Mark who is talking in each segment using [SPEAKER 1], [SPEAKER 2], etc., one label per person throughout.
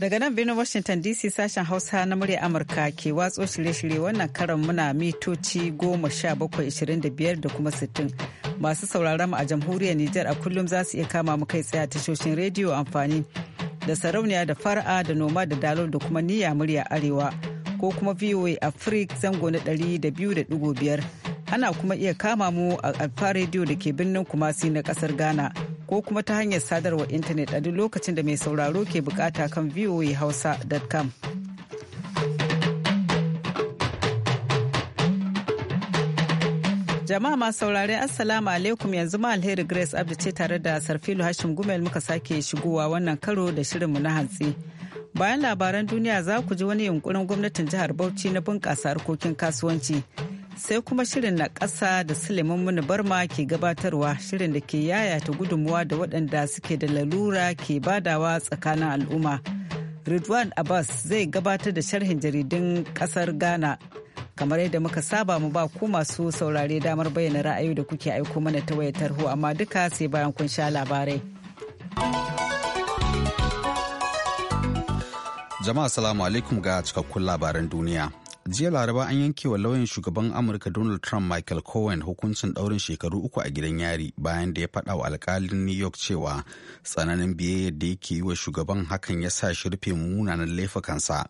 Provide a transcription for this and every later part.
[SPEAKER 1] Daga nan birnin Washington DC sashen Hausa na murya Amurka ke watso shirye-shirye wannan karan muna mitoci goma sha bakwai ishirin da biyar da kuma sittin. Masu sauraron mu a jamhuriyar Nijar a kullum za su iya kama mu kai tsaye a tashoshin rediyo amfani da sarauniya da fara'a da noma da dalol da kuma niyya murya arewa ko kuma VOA Africa zango na ɗari da biyu da digo biyar. Ana kuma iya kama mu a Alfa rediyo da ke birnin Kumasi na kasar Ghana. ko kuma ta hanyar sadarwar intanet a duk lokacin da mai sauraro ke bukata kan voahausa.com. Jama'a masu saurare Assalamu alaikum yanzu ma alheri Grace abu ce tare da Sarfilu Hashim Gumel muka sake shigowa wannan karo da shirinmu na hantsi. Bayan labaran duniya za ku ji wani yunkurin gwamnatin jihar Bauchi na bunƙasa harkokin kasuwanci. sai kuma shirin na ƙasa da Suleiman Muni Barma ke gabatarwa shirin da ke yayata gudunmuwa da waɗanda suke da lalura ke badawa tsakanin al'umma. Ridwan Abbas zai gabatar da sharhin jaridun ƙasar Ghana. Kamar yadda muka saba mu ba ku masu saurare damar bayyana ra'ayi da kuke aiko mana ta wayar tarho amma duka sai bayan kun sha labarai.
[SPEAKER 2] Jama'a salamu alaikum ga cikakkun labaran duniya. jiya laraba an yanke wa lauyan shugaban amurka donald trump michael cohen hukuncin daurin shekaru uku a gidan yari bayan da ya faɗa wa alkalin new york cewa tsananin biyayya da yake yi wa shugaban hakan ya sa shi rufe munanan laifukansa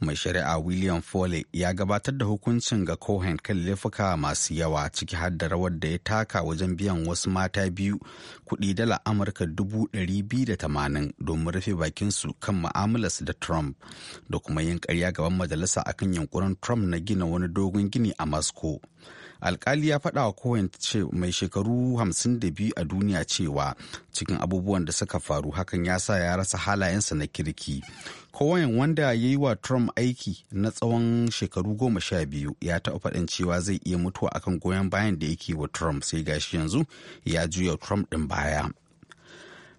[SPEAKER 2] mai shari'a william foley ya gabatar da hukuncin ga cohen kan laifuka masu yawa ciki har da rawar da ya taka wajen biyan wasu mata biyu kuɗi dala amurka dubu ɗari biyu da tamanin domin rufe bakinsu kan mu'amalarsu da trump da kuma yin ƙarya gaban majalisa akan yunkurin Trump na gina wani dogon gini a Moscow. Alkali ya faɗa wa Cohen mai shekaru 52 a duniya cewa cikin abubuwan da suka faru hakan ya sa ya rasa halayensa na kirki. Cohen wanda ya yi wa Trump aiki na tsawon shekaru goma sha biyu ya taɓa faɗin cewa zai iya mutuwa akan goyon bayan da yake wa Trump sai gashi yanzu ya juya Trump ɗin baya.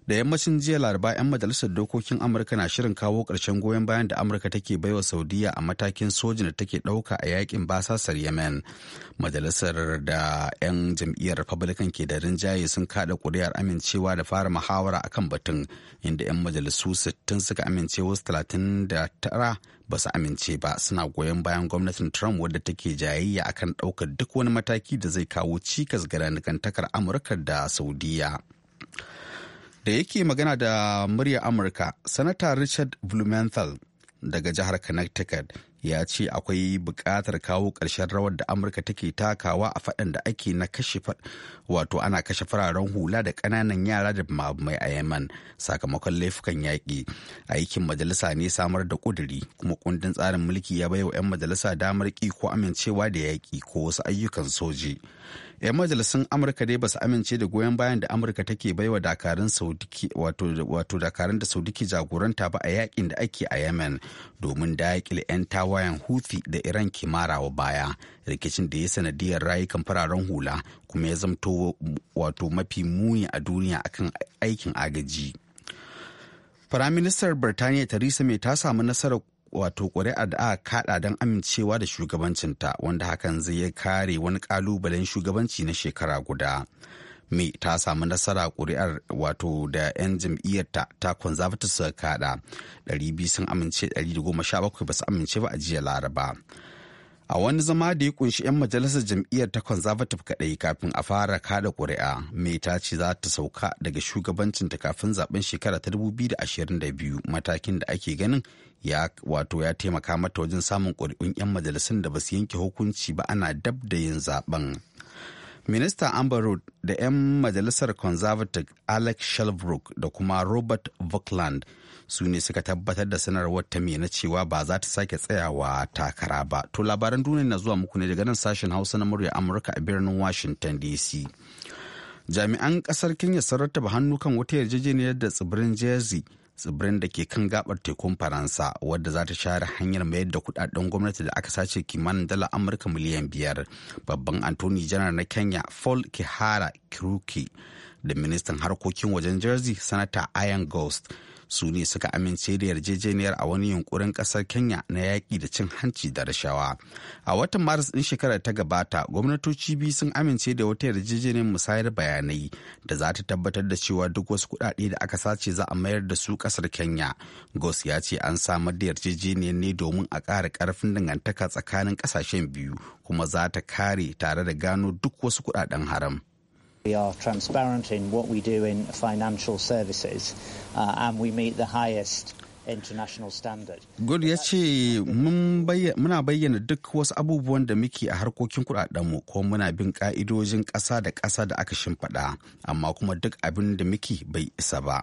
[SPEAKER 2] da yammacin jiya laraba 'yan majalisar dokokin amurka na shirin kawo karshen goyon bayan da amurka take baiwa saudiya a matakin sojin da take ɗauka a yakin basasar yemen majalisar da 'yan jam'iyyar republican ke da rinjaye sun kada ƙuri'ar amincewa da fara muhawara akan batun inda 'yan majalisu 60 suka amince wasu 39 ba su amince ba suna goyon bayan gwamnatin trump wadda take jayayya akan ɗaukar duk wani mataki da zai kawo cikas ga amurka da saudiya da yake magana da murya amurka sanata richard blumenthal daga jihar connecticut ya ce akwai buƙatar kawo ƙarshen rawar da amurka take takawa a faɗin da ake na kashe wato ana kashe fararen hula da ƙananan yara da mai a yemen sakamakon laifukan yaƙi aikin majalisa ne samar da ƙuduri kuma kundin tsarin mulki ya bai wa 'yan majalisa damar ƙi ko amincewa da yaƙi ko wasu ayyukan soji 'yan majalisun amurka dai basu amince da goyon bayan da amurka take baiwa dakarun saudiki wato dakarun da saudiki jagoranta ba a yakin da ake a yemen domin daƙile 'yan tawayen hufi da iran ke wa baya rikicin da ya sanadiyar rayukan fararen hula kuma ya zamto wato mafi muni a duniya akan aikin agaji. Firaministar Birtaniya Theresa May ta samu nasarar wato ƙuri'ar da aka kaɗa don amincewa da shugabancinta wanda hakan zai kare wani ƙalubalen shugabanci na shekara guda. me ta samu nasara ƙuri'ar wato da 'yan jam'iyyarta ta Conservative suka kaɗa. 200 sun amince 117 ba su amince ba a jiya Laraba. a wani zama da ya kunshi 'yan majalisar jam'iyyar ta conservative kaɗai kafin a fara kada ƙuri'a mai ta ce za ta sauka daga shugabancinta kafin zaben shekara ta 2022 matakin da ake ganin ya wato ya taimaka mata wajen samun kuri'un 'yan majalisun da ba su yanke hukunci ba ana dab da yin zaben minista Amber Road da 'yan majalisar Conservative Alex Shelbrook da kuma Robert Buckland su ne suka tabbatar da sanarwar ta na cewa ba za ta sake tsayawa takara ba. To labaran duniya na zuwa muku ne daga nan sashen Hausa na murya Amurka a birnin Washington DC. Jami'an kasar Kenya sun rattaba hannu kan wata yarjejeniyar da tsibirin Jersey tsibirin da ke kan gabar tekun faransa wadda za ta share hanyar mayar da kudaden gwamnati da aka sace kimanin dala amurka miliyan biyar babban antoni janar na kenya paul kihara kiruki da ministan harkokin wajen jersey sanata ian ghost su ne suka amince da yarjejeniyar a wani yunkurin kasar kenya na yaƙi da cin hanci da rashawa a watan maris din shekarar ta gabata gwamnatoci biyu sun amince da wata yarjejeniyar musayar bayanai da za ta tabbatar da cewa duk wasu kuɗaɗe da aka sace za a mayar da su kasar kenya gos ya ce an samar da yarjejeniyar ne domin a ƙara ƙarfin dangantaka tsakanin ƙasashen biyu kuma za ta kare tare da gano duk wasu kuɗaɗen haram
[SPEAKER 3] We are transparent in what we do in financial services uh, and we meet the highest international standard.
[SPEAKER 2] Good ya ce muna bayyana duk wasu abubuwan da muke a harkokin kudadenmu ko muna bin ka'idojin ƙasa da ƙasa da aka shimfiɗa amma kuma duk abin da muke bai isa ba.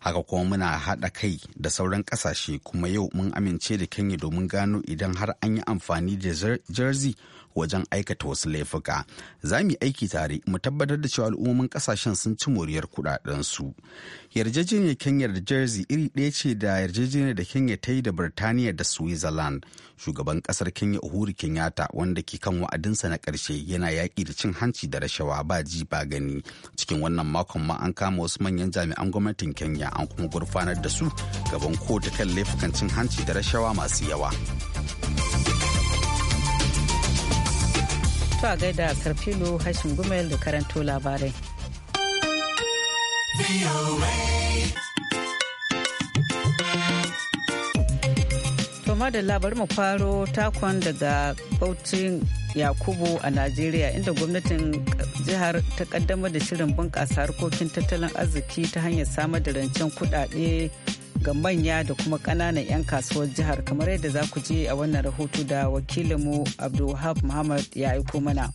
[SPEAKER 2] Haka kuma muna haɗa kai da sauran ƙasashe kuma yau mun amince da Kenya domin gano idan har an yi amfani da jersey wajen aikata wasu laifuka za mu yi aiki tare mu tabbatar da cewa al'ummomin kasashen sun ci moriyar su yarjejeniyar kenya da jersey iri ɗaya ce da yarjejeniyar da kenya ta yi da birtaniya da switzerland shugaban kasar kenya uhuru kenyatta wanda ke kan wa'adinsa na ƙarshe yana yaƙi da cin hanci da rashawa ba ji ba gani cikin wannan makon ma an kama wasu manyan jami'an gwamnatin kenya an kuma gurfanar da su gaban kotu kan laifukan cin hanci da rashawa masu yawa.
[SPEAKER 1] To a gaida karfilo Hashim Gumel da karanto labarai. To madalla bari mu faro takon daga Bautin Yakubu a Najeriya inda gwamnatin jihar ta kaddamar da shirin bunƙasa harkokin tattalin arziki ta hanyar samar da rancen kuɗaɗe ga manya da kuma ƙananan 'yan kasuwar jihar kamar yadda za ku je a wannan rahoto da wakilinmu abdulwahab muhammad ya aiko mana.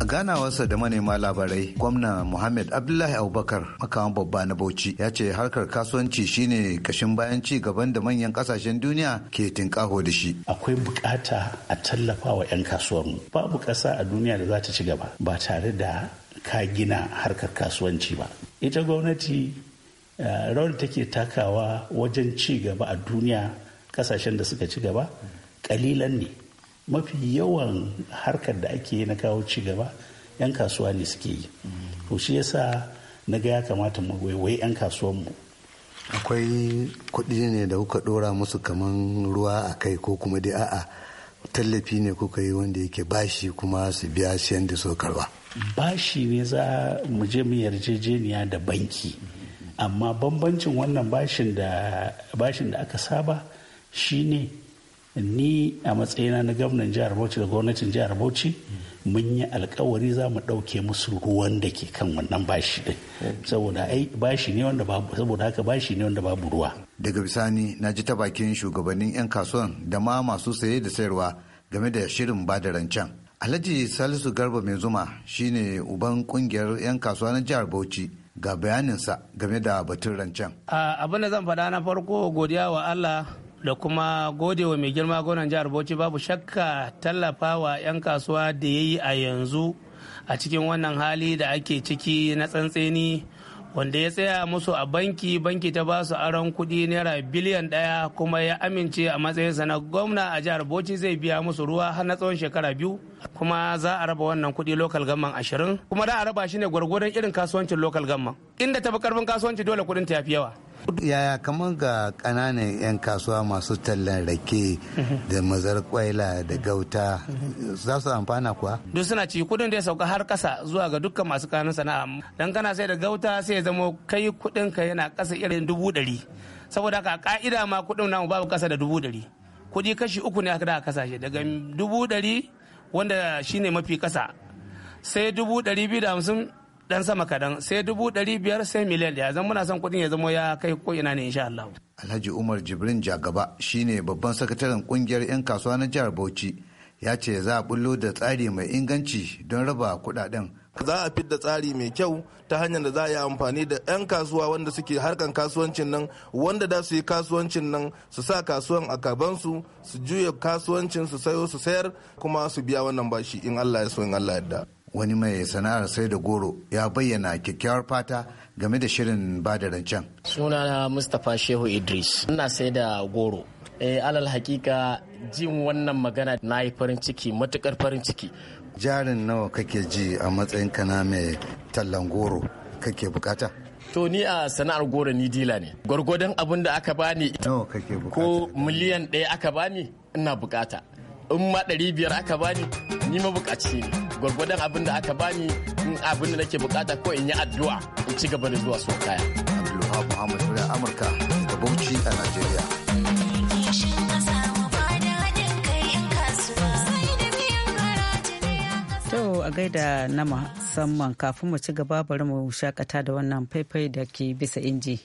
[SPEAKER 4] A ganawarsa da manema labarai, gwamna Muhammad Abdullahi Abubakar makaman babba na Bauchi ya ce harkar kasuwanci shine kashin bayan ci gaban da manyan kasashen duniya ke tinkaho da shi. Akwai bukata
[SPEAKER 5] a tallafa wa 'yan mu. Babu ƙasa a duniya da za ta ci gaba ba tare da ka gina harkar kasuwanci ba. Ita gwamnati Eh, rawar take takawa wajen ci gaba a duniya kasashen da suka ci gaba kalilan ne mafi yawan harkar da ake na kawo ci gaba 'yan kasuwa ne suke yi to shi yasa na ga ya kamata mu waiwai 'yan kasuwan mu
[SPEAKER 4] akwai kuɗi ne da kuka ɗora musu kaman ruwa a kai ko kuma dai a'a tallafi ne kuka yi wanda yake bashi kuma su biya siyan da so karba
[SPEAKER 5] bashi ne za mu je mu yarjejeniya da banki amma bambancin wannan bashin da aka saba shine ni a matsayina na gwamnan jihar bauchi da gwamnatin jihar bauchi mun yi alkawari za mu ɗauke musu ruwan da ke kan wannan bashi din saboda ne saboda haka bashi ne wanda babu
[SPEAKER 4] ruwa daga bisani na ji ta bakin shugabannin 'yan kasuwan da ma masu saye da sayarwa game da shirin ba da rancen alhaji salisu garba mai zuma shine uban kungiyar 'yan kasuwa na jihar bauchi ga bayaninsa game da batun rancen.
[SPEAKER 3] Abin da zan faɗa na farko godiya wa Allah da kuma gode wa mai girma gonan jihar Bauchi babu shakka tallafawa 'yan kasuwa da ya yi a yanzu a cikin wannan hali da ake ciki na tsantseni wanda ya tsaya musu a banki banki ta ba su aron kuɗi naira biliyan ɗaya kuma ya amince a matsayinsa na gwamna a jihar bauchi zai biya musu ruwa har na tsawon shekara biyu kuma za a raba wannan kuɗi lokal gamman ashirin kuma da a raba shi ne gwargwadon irin kasuwancin lokal gamman inda ta fi karfin kasuwanci dole kuɗin ta yafi yawa
[SPEAKER 6] yaya
[SPEAKER 4] kamar ga kananan 'yan kasuwa masu tallan rake da mazar kwaila da gauta za su amfana kuwa
[SPEAKER 3] duk suna ci kudin da ya sauka har ƙasa zuwa ga dukkan masu kanun sana'a dan kana sai da gauta sai ya zama kai kudin ka yana ƙasa irin dubu ɗari saboda haka ka'ida ma kudin namu babu ƙasa da dubu ɗari kudi kashi uku ne aka da shi daga dubu ɗari wanda shine mafi ƙasa sai dubu ɗari biyu da hamsin dan sama kadan sai dubu ɗari biyar sai miliyan ɗaya zan muna son kuɗin ya zama ya kai ko ina ne insha Allah.
[SPEAKER 4] Alhaji Umar Jibrin Jagaba shine babban sakataren kungiyar 'yan kasuwa na jihar Bauchi ya ce za a bullo da tsari mai inganci don raba kuɗaɗen
[SPEAKER 7] za a fidda tsari mai kyau ta hanyar da za a yi amfani da 'yan kasuwa wanda suke harkan kasuwancin nan wanda da su yi kasuwancin nan su sa kasuwan a kabansu su juya kasuwancin su sayo su sayar kuma su biya wannan bashi in allah ya so in allah ya da.
[SPEAKER 4] wani mai sana'ar sai da goro ya bayyana kyakkyawar fata game da shirin ba da rancen.
[SPEAKER 7] sunana mustapha
[SPEAKER 8] shehu idris ina sai da goro eh, alal hakika jin wannan magana na yi farin ciki matukar farin ciki
[SPEAKER 4] jarin nawa kake ji a matsayin na mai tallan goro kake
[SPEAKER 8] bukata to ni a sana'ar goro ni dila ne gwargwadon abin da aka bani ko miliyan ɗaya aka bani ina bukata in ma ɗari biyar aka bani ni mabukaci ne gwargwadon abin da aka bani in abin da nake bukata ko in yi addu'a in ci gaba da zuwa so kaya.
[SPEAKER 4] Abdullahi Muhammad Amurka da Bauchi a Najeriya.
[SPEAKER 1] To a gaida na musamman kafin mu ci gaba bari mu shakata da wannan faifai da ke bisa inji.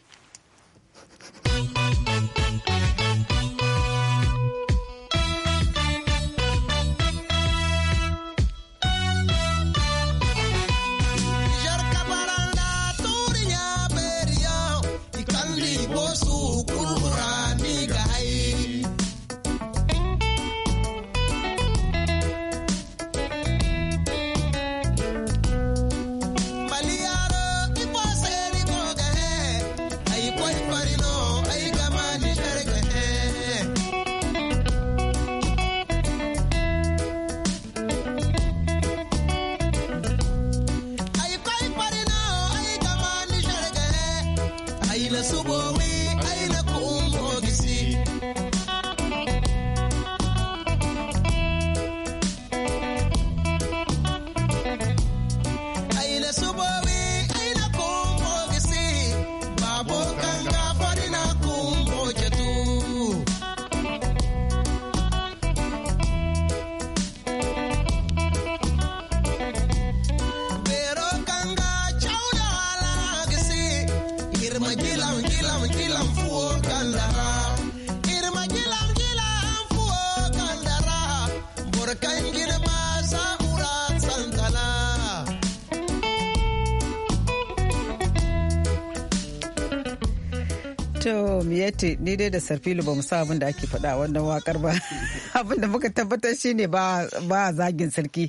[SPEAKER 1] yace ni dai da sarfilu ba mu sa abin da ake faɗa wannan wakar ba abin da muka tabbatar shine ba ba zagin sarki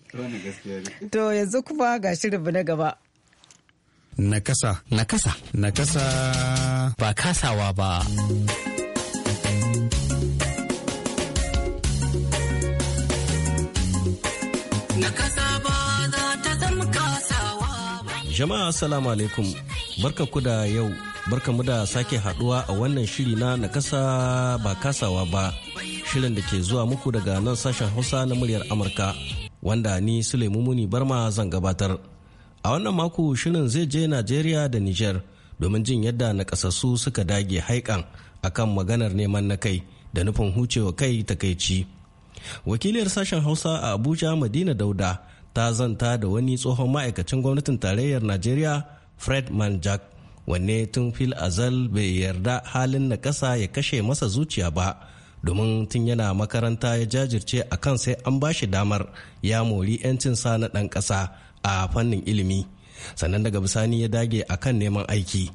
[SPEAKER 1] to yanzu kuma ga shirin na gaba
[SPEAKER 2] nakasa nakasa nakasa ba kasawa ba
[SPEAKER 8] Jama'a Assalamu alaikum, barka ku da yau barkamu da sake haduwa a wannan shiri na nakasa ba kasawa ba shirin da ke zuwa muku daga nan sashen hausa na muryar amurka wanda ni sulaimu muni barma zan gabatar a wannan mako shirin zai je najeriya da niger domin jin yadda nakasassu suka dage haikan akan maganar neman na kai da nufin hucewa kai takaici wakiliyar sashen hausa a abuja madina dauda ta zanta da wani tsohon ma'aikacin gwamnatin tarayyar najeriya fred manjak wanne tun fil azal bai yarda halin na ƙasa ya kashe masa zuciya ba domin tun yana makaranta ya jajirce a kan sai an ba shi damar ya mori sa na ɗan ƙasa a fannin ilimi sannan daga bisani ya dage a kan neman aiki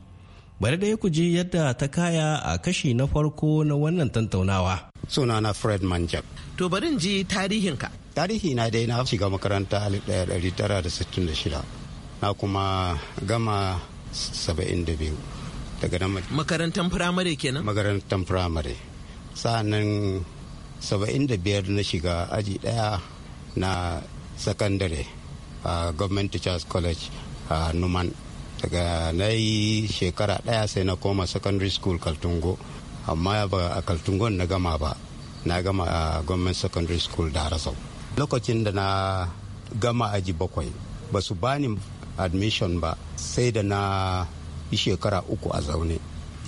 [SPEAKER 8] bari da ya kuji yadda ta kaya a kashi na farko na wannan tantaunawa sunana fred manjak
[SPEAKER 9] to bari in ji
[SPEAKER 5] tarihinka tarihi na dai na shiga makaranta 1966 na kuma gama 72 daga nan makarantar firamare kenan makarantar firamare sa'annan 75 na shiga aji ɗaya na sakandare a government teachers college a numan daga na yi shekara ɗaya sai na koma secondary school kaltungo amma ba a kaltungon na gama ba na gama a government secondary school da rasau lokacin da na gama aji bakwai ba su bani admission ba sai da na yi shekara uku a zaune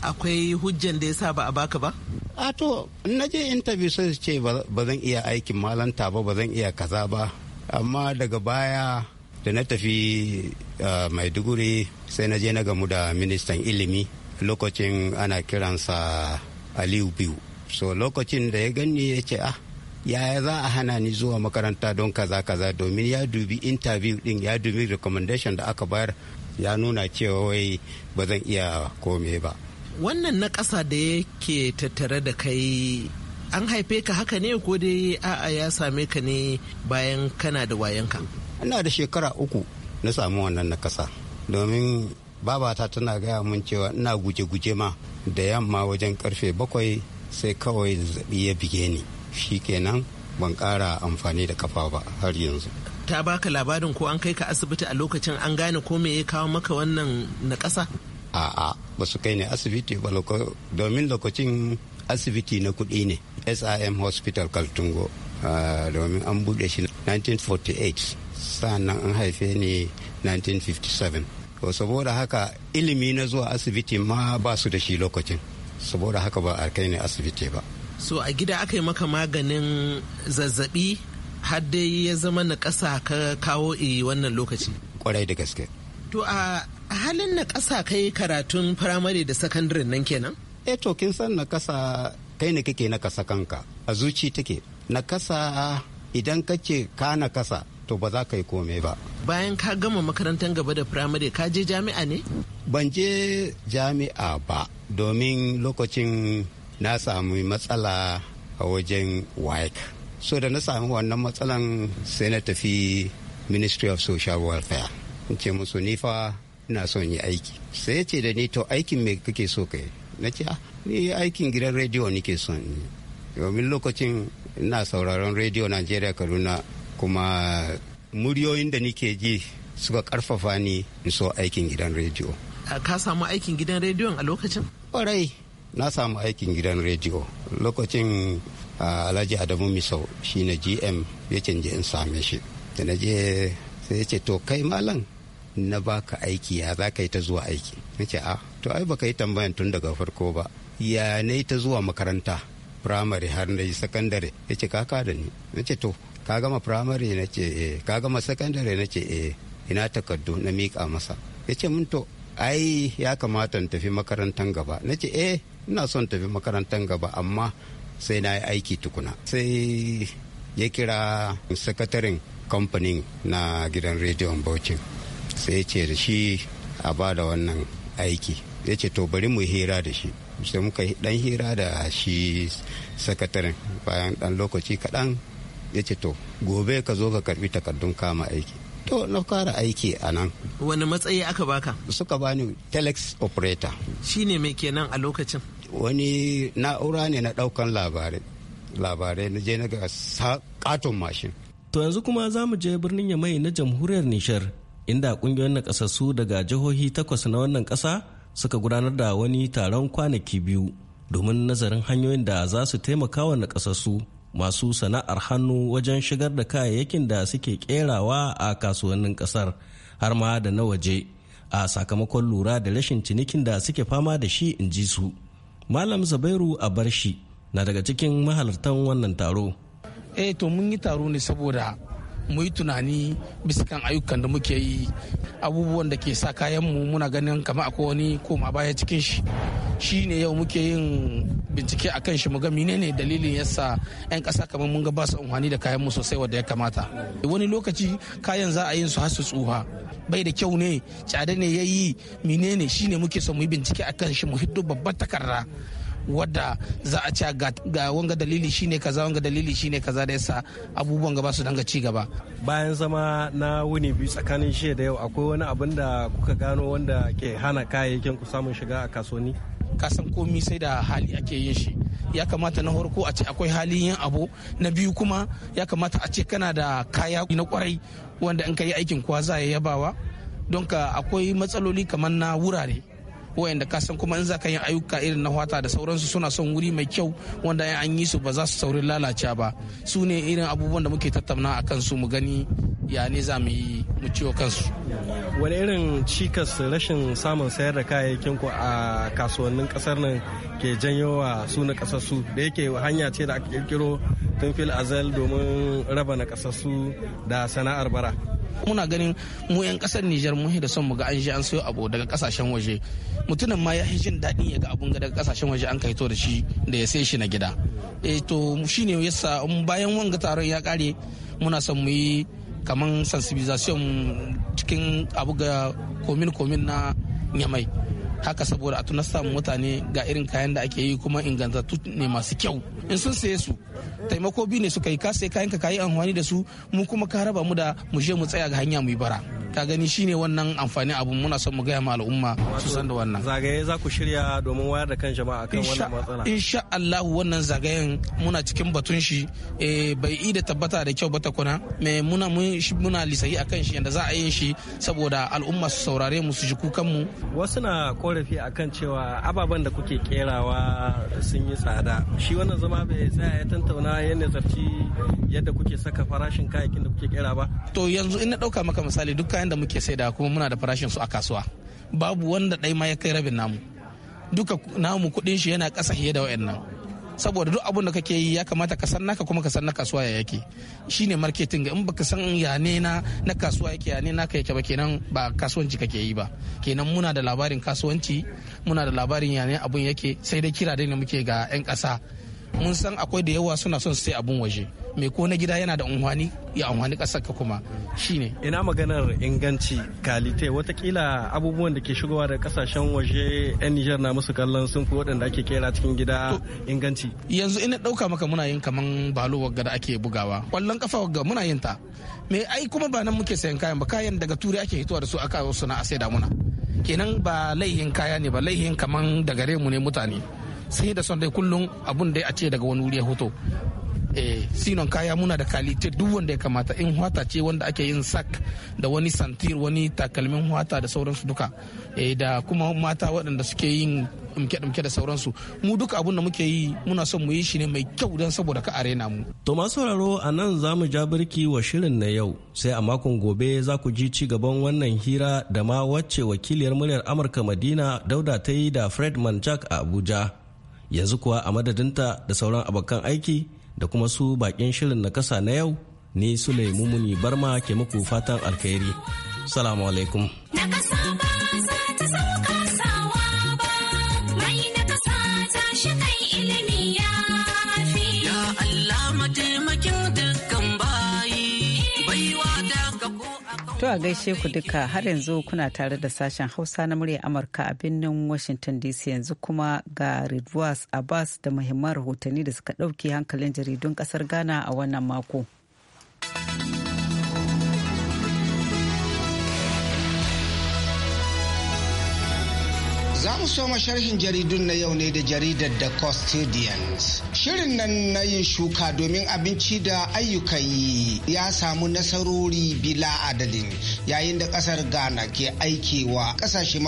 [SPEAKER 9] akwai hujjan da ya sa ba a baka ba
[SPEAKER 5] a to na je interview sai su ce ba zan iya aikin malanta ba ba zan iya kaza ba amma daga baya da na tafi maiduguri sai na je na gamu da ministan ilimi lokacin ana kiransa aliyu biyu so lokacin da ya gani ya ce ah yaya za a hana ni zuwa makaranta don kaza kaza domin ya dubi interview din ya dubi recommendation da aka bayar ya nuna cewa wai ba zan iya kome ba
[SPEAKER 9] wannan na ƙasa da yake tattare da kai an haife ka haka ne ko dai a'a ya same ka ne bayan kana da wayanka
[SPEAKER 5] ina da shekara uku na samu wannan na ƙasa domin babata tana gaya mun cewa ina guje-guje ma da yamma wajen karfe bakwai sai kawai zazzabi ya bige ni shi kenan ban ƙara amfani da kafa ba har yanzu
[SPEAKER 9] ta baka labarin ko an kai ka asibiti a lokacin an gane ko me ya kawo maka wannan na ƙasa
[SPEAKER 5] a'a ba su kai ne asibiti ba domin lokacin asibiti na kuɗi ne sim hospital kaltungo ah, domin an buɗe shi 1948 sannan an haife ni 1957 saboda haka ilimi na zuwa asibiti ma ba su da shi lokacin saboda haka ba a kai ne asibiti ba
[SPEAKER 9] so a gida aka yi maka maganin zazzabi har dai ya zama na ƙasa ka kawo i eh, wannan lokaci kwarai da gaske to a halin na ƙasa kai karatun firamare da sakandare nan kenan eh to
[SPEAKER 5] kin san na ƙasa kai ne kake na ƙasa kanka a zuci take na ƙasa idan kake ka na ƙasa to ba za ka yi komai ba
[SPEAKER 9] bayan ka gama makarantar gaba da firamare ka je jami'a ne ban je jami'a ba
[SPEAKER 5] domin lokacin na sami matsala a wajen waik so da na sami wannan matsalan sai na tafi ministry of social welfare in ce musu nifa ina son yi aiki sai ce da ni to aikin me kake so kai na ce ah, ni aikin gidan rediyo nake son ni domin lokacin na sauraron rediyo najeriya kaduna kuma muryoyin da nike ji suka karfafa ni in so aikin gidan rediyo
[SPEAKER 9] ah, ka samu aikin gidan rediyon a lokacin ƙwarai na
[SPEAKER 5] samu aikin gidan rediyo lokacin alhaji adamu misau shine gm ya canje in same shi da na je sai ya ce to kai malam na baka aiki ya za ka yi ta zuwa aiki na ce a ah, to ai baka yi tambayan tun daga farko ba ya na yi ta zuwa makaranta primary har na yi sakandare ya ce kaka da ni na ce to ka gama primary na ce eh ka gama sakandare na ce eh ina takardu na mika masa ya ce mun to ai ya kamata in tafi makarantan gaba na ce eh ina son tafi makarantar gaba amma sai na yi aiki tukuna sai ya kira sakataren kamfanin na gidan rediyon bauchi sai ce da shi a ba da wannan aiki ya ce to bari mu hira da shi sai muka dan hira da shi sakataren bayan dan lokaci kaɗan ya ce to gobe ka zo ka karbi takardun kama aiki to na fara aiki a nan wani matsayi aka baka suka bani telex operator
[SPEAKER 9] shine mai kenan a lokacin
[SPEAKER 5] wani na'ura ne na daukan labarai labarai na je na ga katon
[SPEAKER 8] mashin to yanzu kuma za mu je birnin yamai na jamhuriyar nishar inda kungiyoyin naƙasassu daga jihohi takwas na wannan kasa suka gudanar da wani taron kwanaki biyu domin nazarin hanyoyin da za su taimaka wa nakasassu masu sana'ar hannu wajen shigar da kayayyakin da suke kerawa a kasuwannin kasar har ma da na waje a sakamakon lura da rashin cinikin da suke fama da shi in ji su malam zabairu a barshi na daga cikin mahalartan wannan taro
[SPEAKER 7] eh to mun yi taro ne saboda mu yi tunani bisa kan ayyukan da muke yi abubuwan da ke sa kayan mu muna ganin kama akwai wani koma baya cikin shi shi ne yau muke yin bincike a kan shi mu ga menene dalilin yasa 'yan kasa kamar mun ga ba su amfani da kayan mu sosai wadda ya kamata wani lokaci kayan za a yin su har su tsuha bai da kyau ne tsada ne ya yayi menene ne muke son mu yi bincike a kan shi mu hiddo babbar takarda wadda za a ce ga wanga dalili shine kaza wanga dalili shine kaza da yasa abubuwan gaba su danga ci gaba
[SPEAKER 8] bayan zama na wuni biyu tsakanin shi da yau akwai wani abin da
[SPEAKER 7] kuka gano wanda ke hana kayayyakin ku samun shiga a ka kasan komi sai da hali ake yin shi ya kamata na farko a ce akwai hali yin abu na biyu kuma ya kamata a ce kana da kaya na kwarai wanda in ka yi aikin kwa za ya yabawa don ka akwai matsaloli kamar na wurare wayanda ka san kuma in za ka yi ayyuka irin na wata da sauransu suna son wuri mai kyau wanda an yi su ba za su saurin lalace ba su ne irin abubuwan da muke tattauna a kansu mu gani ya ne za mu yi mu ciwo kansu wani irin
[SPEAKER 8] cikas rashin samun sayar da kayayyakin ku a kasuwannin kasar nan ke janyo wa su na kasassu da yake hanya ce da aka kirkiro tun fil azal domin raba
[SPEAKER 7] na kasassu da sana'ar bara muna ganin mu 'yan kasar Nijar mun da son mu ga an je an sayo abu daga kasashen waje mutumin ma ya jin daɗin ya ga abun ga daga kasashen waje an kaito da shi da ya sai shi na gida eh to shine yasa bayan wanga taron ya kare muna son mu yi kaman sensibilisation cikin abu ga komin komin na nyamai haka saboda a tunasta samun mutane ga irin kayan da ake yi kuma ingantattu ne masu kyau in sun saye su taimako biyu ne suka yi ka kayan ka kayi amfani da su mu kuma ka raba mu da mu je mu tsaya ga hanya mu yi bara ka gani shine wannan amfani abun muna son mu gaya ma al'umma su san da wannan zagaye za ku shirya domin wayar da kan jama'a kan wannan matsala insha Allah wannan zagayen muna cikin batun shi eh, bai ida da tabbata da kyau ba kuna me muna muna lisayi akan shi yanda za a yi shi saboda al'umma su saurare mu su ji kukan mu wasu na korafi akan cewa ababen da kuke kerawa
[SPEAKER 8] sun yi tsada shi wannan zama bai tsaya ya tantauna yadda zarci yadda kuke saka
[SPEAKER 7] farashin kayayyakin da kuke kera ba to yanzu in na dauka maka misali duk kayan da muke saida kuma muna da farashin su a kasuwa babu wanda ɗai ma ya kai rabin namu duka namu kuɗin shi yana kasa fiye da wayannan saboda duk abun da kake yi ya kamata ka san naka kuma ka san na kasuwa ya yake shine marketing in baka san ya ne na na kasuwa yake ya ne naka yake ba kenan ba kasuwanci kake yi ba kenan muna da labarin kasuwanci muna da labarin ya ne abun yake sai dai kira dai ne muke ga 'yan kasa mun san akwai da yawa suna son sai abun waje mai ko na gida yana da unhwani ya unhwani kasar ka kuma shine ina maganar inganci kalite watakila
[SPEAKER 8] abubuwan da ke shigowa da kasashen waje yan Nijar na musu kallon sun fi waɗanda ake kera cikin
[SPEAKER 7] gida inganci yanzu ina ɗauka maka muna yin kaman balo wagga da ake bugawa kwallon kafa wagga muna yin ta me ai kuma ba nan muke sayan kayan ba kayan daga turai ake hitowa da su aka suna a sai da muna kenan ba laihin kaya ne ba laihin kaman da gare mu ne mutane sai da son dai kullum abun da a ce daga wani wuri ya hoto eh sinon kaya muna da kalite duk wanda ya kamata in hwata ce wanda ake yin sak da wani santir wani takalmin hwata da sauransu duka eh da kuma mata waɗanda suke yin mke dumke da sauransu mu duka abun da muke yi muna son mu yi shi ne mai kyau don saboda ka arena mu.
[SPEAKER 8] to masu sauraro a nan za mu ja birki wa shirin na yau sai a makon gobe za ku ji ci gaban wannan hira da ma wacce wakiliyar muryar amurka madina dauda ta yi da fred manchak a abuja yanzu kuwa a madadinta da sauran abokan aiki da kuma su bakin shirin na kasa na yau ni sule mumuni barma ke muku fatan alkhairi salamu alaikum
[SPEAKER 1] To a gaishe ku duka har yanzu kuna tare da sashen Hausa na murya Amurka a birnin Washington DC yanzu kuma ga Redwas Abbas da muhimman rahotanni da suka ɗauke hankalin jaridun ƙasar Ghana a wannan mako.
[SPEAKER 10] mu soma sharhin jaridun na yau ne da jaridar The Custodians. Shirin nan na yin shuka domin abinci da ayyukan yi ya samu nasarori bila adadin yayin da kasar Ghana ke aikewa kasashe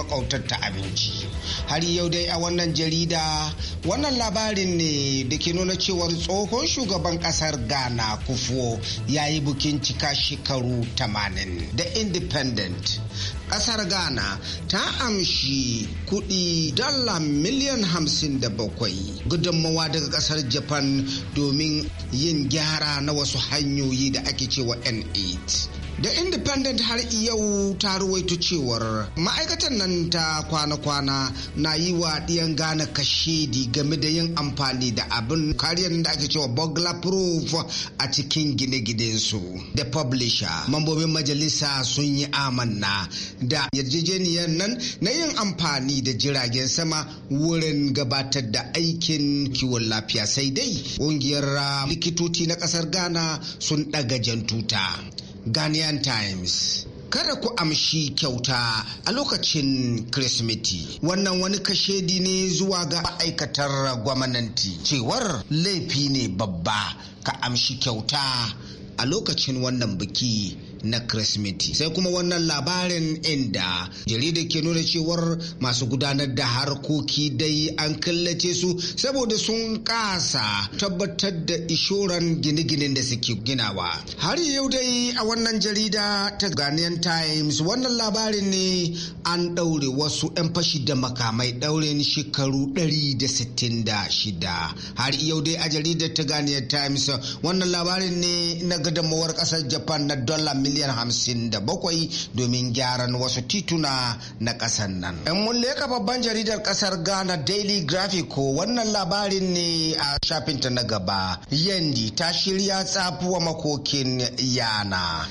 [SPEAKER 10] ta abinci. Har yau dai a wannan jarida wannan labarin ne da ke nuna cewar tsohon shugaban kasar Ghana Kufuo ya yi bukin cika shekaru 80 da Independent. kasar ghana ta amshi kudi dala miliyan hamsin da 57 gudunmawa daga kasar japan domin yin gyara na wasu hanyoyi da ake cewa n8 da independent har yau ta ruwaito cewar ma'aikatan nan ta kwana-kwana na yi wa ɗiyan gane kashedi game da yin amfani da abin kariyar da ake cewa bugla proof a cikin gine-ginensu da publisher mambobin majalisa sun yi amanna da yarjejeniyar nan na yin amfani da jiragen sama wurin gabatar da aikin kiwon lafiya sai dai ƙungiyar ah, likitoci na ƙasar ghana sun ɗaga jan tuta Ghanaian Times. Kada ku amshi kyauta a lokacin Kirsimeti. Wannan wani kashedi ne zuwa ga ma'aikatar gwamnati cewar laifi ne babba ka amshi kyauta a lokacin wannan biki na Kirsimeti. Sai kuma wannan labarin inda jarida ke nuna cewar masu gudanar da harkoki dai an kallace su saboda sun kasa tabbatar da ishoran gine-ginen da suke ginawa. Har yau dai a wannan jarida ta Ghanaian Times wannan labarin ne an ɗaure wasu 'yan fashi da makamai ɗaurin shekaru 166. Har yau dai a jaridar ta Ghanaian Times wannan labarin ne na gadamawar ƙasar Japan na dollar miliyan hamsin da bakwai domin gyaran wasu tituna na ƙasar nan. In mun leka babban jaridar kasar Ghana Daily Graphic ko wannan labarin ne a shafinta na gaba. yandi ta shirya tsafuwa makokin yana.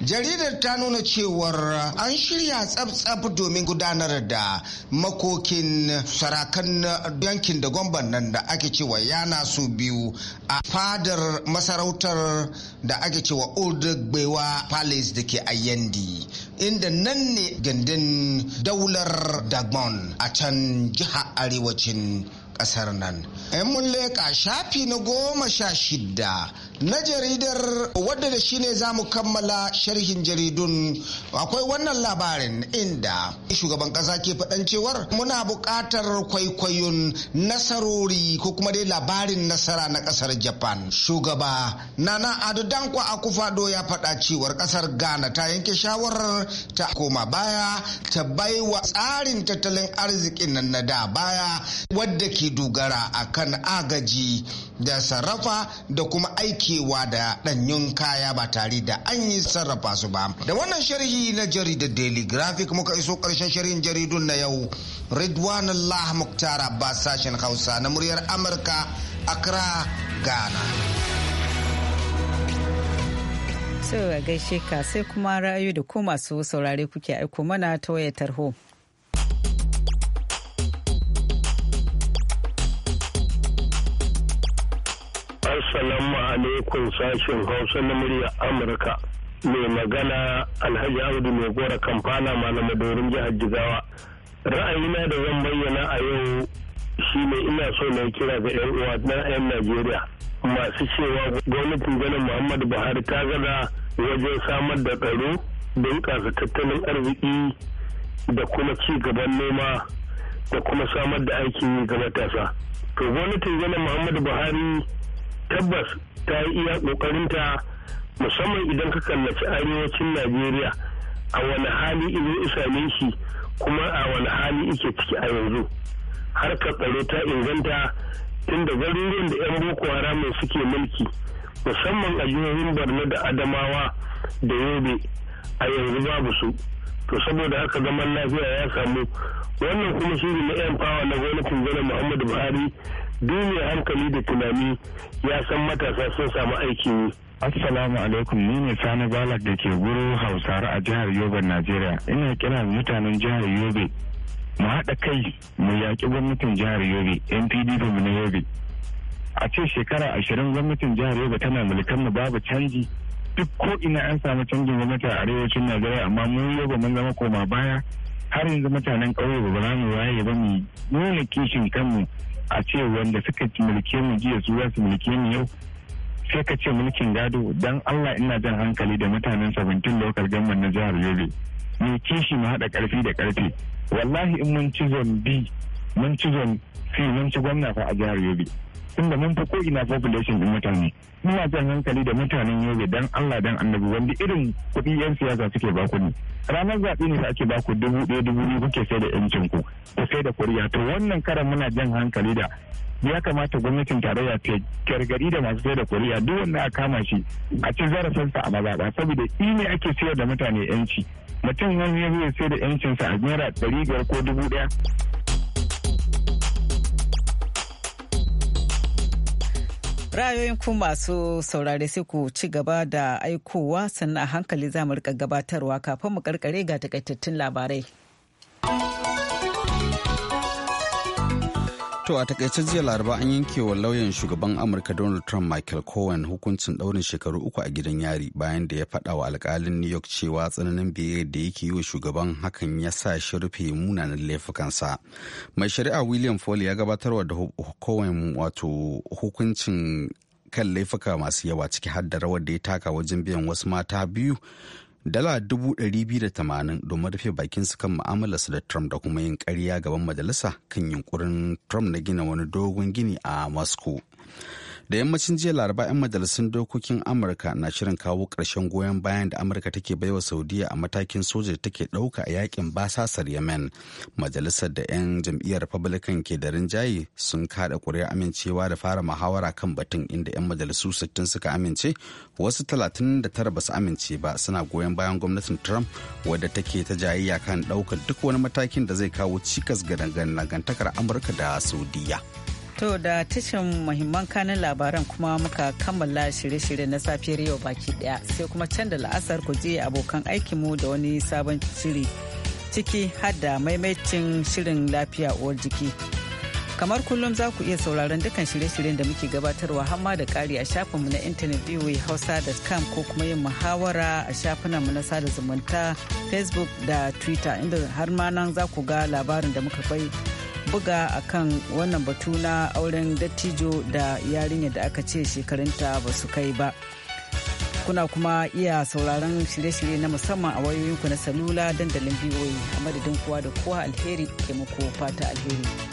[SPEAKER 10] jaridar ta nuna cewar an shirya tsab-tsab domin gudanar da makokin sarakan yankin da gwamban nan da ake cewa yana su biyu a fadar masarautar da ake cewa old gbewa palace da ke ayyandi inda nan ne gandun daular dagbon a can jiha arewacin kasar nan. mun leƙa shafi na goma sha shida na jaridar wadda da shine za mu kammala sharhin jaridun akwai wannan labarin inda shugaban kasa ke faɗan cewar muna buƙatar kwaikwayon nasarori ko kuma dai labarin nasara na ƙasar japan shugaba nana ado danko akufado ya faɗa cewar ƙasar ghana ta yanke shawarar ta koma baya ta baiwa tsarin tattalin arzikin nan na da baya wadda ke dogara akan agaji da sarrafa da kuma aiki akewa da ɗanyun kaya ba tare da an yi sarrafa su ba da wannan sharhi na jaridar daily graphic muka iso karshen sharhin jaridun na yau ridwan allah muktara ba sashen hausa na muryar amurka
[SPEAKER 1] accra ghana sai a gaishe ka sai kuma ra'ayi da ku masu saurare kuke aiko mana ta wayar tarho.
[SPEAKER 11] Assalamu alaikum sashen Hausa na murya Amurka. Mai magana Alhaji Audu mai gora kamfana malama Madorin jihar Jigawa. Ra'ayina da zan bayyana a yau shi ne ina so na kira ga 'yan uwa na 'yan Najeriya. Masu cewa gwamnatin ganin Muhammadu Buhari ta gada wajen samar da tsaro, bunƙasa tattalin arziki da kuma ci gaban noma da kuma samar da aikin yi ga matasa. To gwamnatin ganin Muhammadu Buhari tabbas ta yi iya ta musamman idan ka kallaci arewacin najeriya a wani hali izo isame shi kuma a wani hali ike ciki a yanzu har ka tsaro ta inganta tunda garuruwan da 'yan boko haram suke mulki musamman a jihohin borno da adamawa da yobe a yanzu babu su to saboda haka zaman lafiya ya samu wannan kuma shiri na yan fawa na gwamnatin janar muhammadu buhari dole hankali da tunani ya san matasa sun samu aikin yi Assalamu alaikum
[SPEAKER 12] ni ne Sani Balak da ke guru Hausar a jihar Yobe, Najeriya. Ina kira mutanen jihar Yobe mu haɗa kai mu yaƙi gwamnatin jihar Yobe, NPDP mu na Yobe. A ce shekara ashirin gwamnatin jihar Yobe tana mulkan mu babu canji. Duk ko ina an samu canjin gwamnati a arewacin Najeriya amma mu Yobe mun zama koma baya. Har yanzu mutanen ƙauye ba za mu waye ba mu nuna kishin kanmu a ce wanda suka mulke mu jiya su su mulke mu yau sai ka ce mulkin gado dan Allah ina jan hankali da mutanen 17 local government na jihar Yobe mu kishi mu haɗa karfi da karfe wallahi in mun ci zombi mun ci zon fi mun ci gwamna fa a jihar yobe tunda mun fi ko ina population din mutane muna jan hankali da mutanen yobe dan allah dan annabi wanda irin kuɗi yan siyasa suke baku ne ranar zaɓe ne da ake baku dubu ɗaya dubu biyu kuke sai da yancin ku ku sai da kuriya to wannan karan muna jan hankali da ya kamata gwamnatin tarayya ta gargadi da masu sai da kuriya duk wanda a kama shi a ci zarafinsa a mazaɓa saboda ne ake sayar da mutane yanci mutum wani ya sai da yancinsa a naira ɗari biyar ko dubu ɗaya
[SPEAKER 1] Ra'ayoyin ku masu saurare sai ku ci gaba da aikowa sannan a hankali za mu rika gabatarwa kafin mu karkare ga takaitattun labarai.
[SPEAKER 2] To a takaice jiya laraba an yanke wa lauyan shugaban Amurka Donald Trump Michael Cohen hukuncin daurin shekaru uku a gidan yari bayan da ya faɗa wa alkalin New York cewa tsananin biyar da yake yi wa shugaban hakan ya sa shi rufe munanan laifukansa. Mai shari'a William Foley ya gabatar wa da Cohen wato hukuncin kan laifuka masu yawa ciki har da rawar da ya taka wajen biyan wasu mata biyu dala tamanin domin rufe bakinsu kan mu'amalarsu da Trump da kuma yin ƙarya gaban majalisa kan yunkurin Trump na gina wani dogon gini a Moscow. da yammacin jiya laraba 'yan majalisun dokokin amurka na shirin kawo ƙarshen goyon bayan da amurka take baiwa saudiya a matakin soja da take ɗauka a yakin basasar yemen majalisar da 'yan jam'iyyar republican ke da rinjaye sun kada ƙuri'a amincewa da fara muhawara kan batun inda 'yan majalisu 60 suka amince wasu 39 ba su amince ba suna goyon bayan gwamnatin trump wadda take ta jayayya kan ɗaukar duk wani matakin da zai kawo cikas ga dangantakar amurka da saudiya.
[SPEAKER 1] To da tashin muhimman kanin labaran kuma muka kammala shirye-shirye na safiyar yau baki daya sai kuma can da la'asar ku je abokan aikinmu da wani sabon shiri ciki har da shirin lafiya uwar jiki. Kamar kullum za ku iya sauraron dukkan shirye-shiryen da muke gabatarwa hamma da kari a shafinmu na intanet hausa.com ko kuma yin muhawara a shafinanmu na sada zumunta facebook da twitter inda har ma nan za ku ga labarin da muka bai buga a kan wannan batu na auren dattijo da yarinya da aka ce shekarunta ba su kai ba kuna kuma iya sauraron shirye-shirye na musamman a wayoyinku na salula dandalin biyoyi a madadin kowa da kowa alheri ke muku fata alheri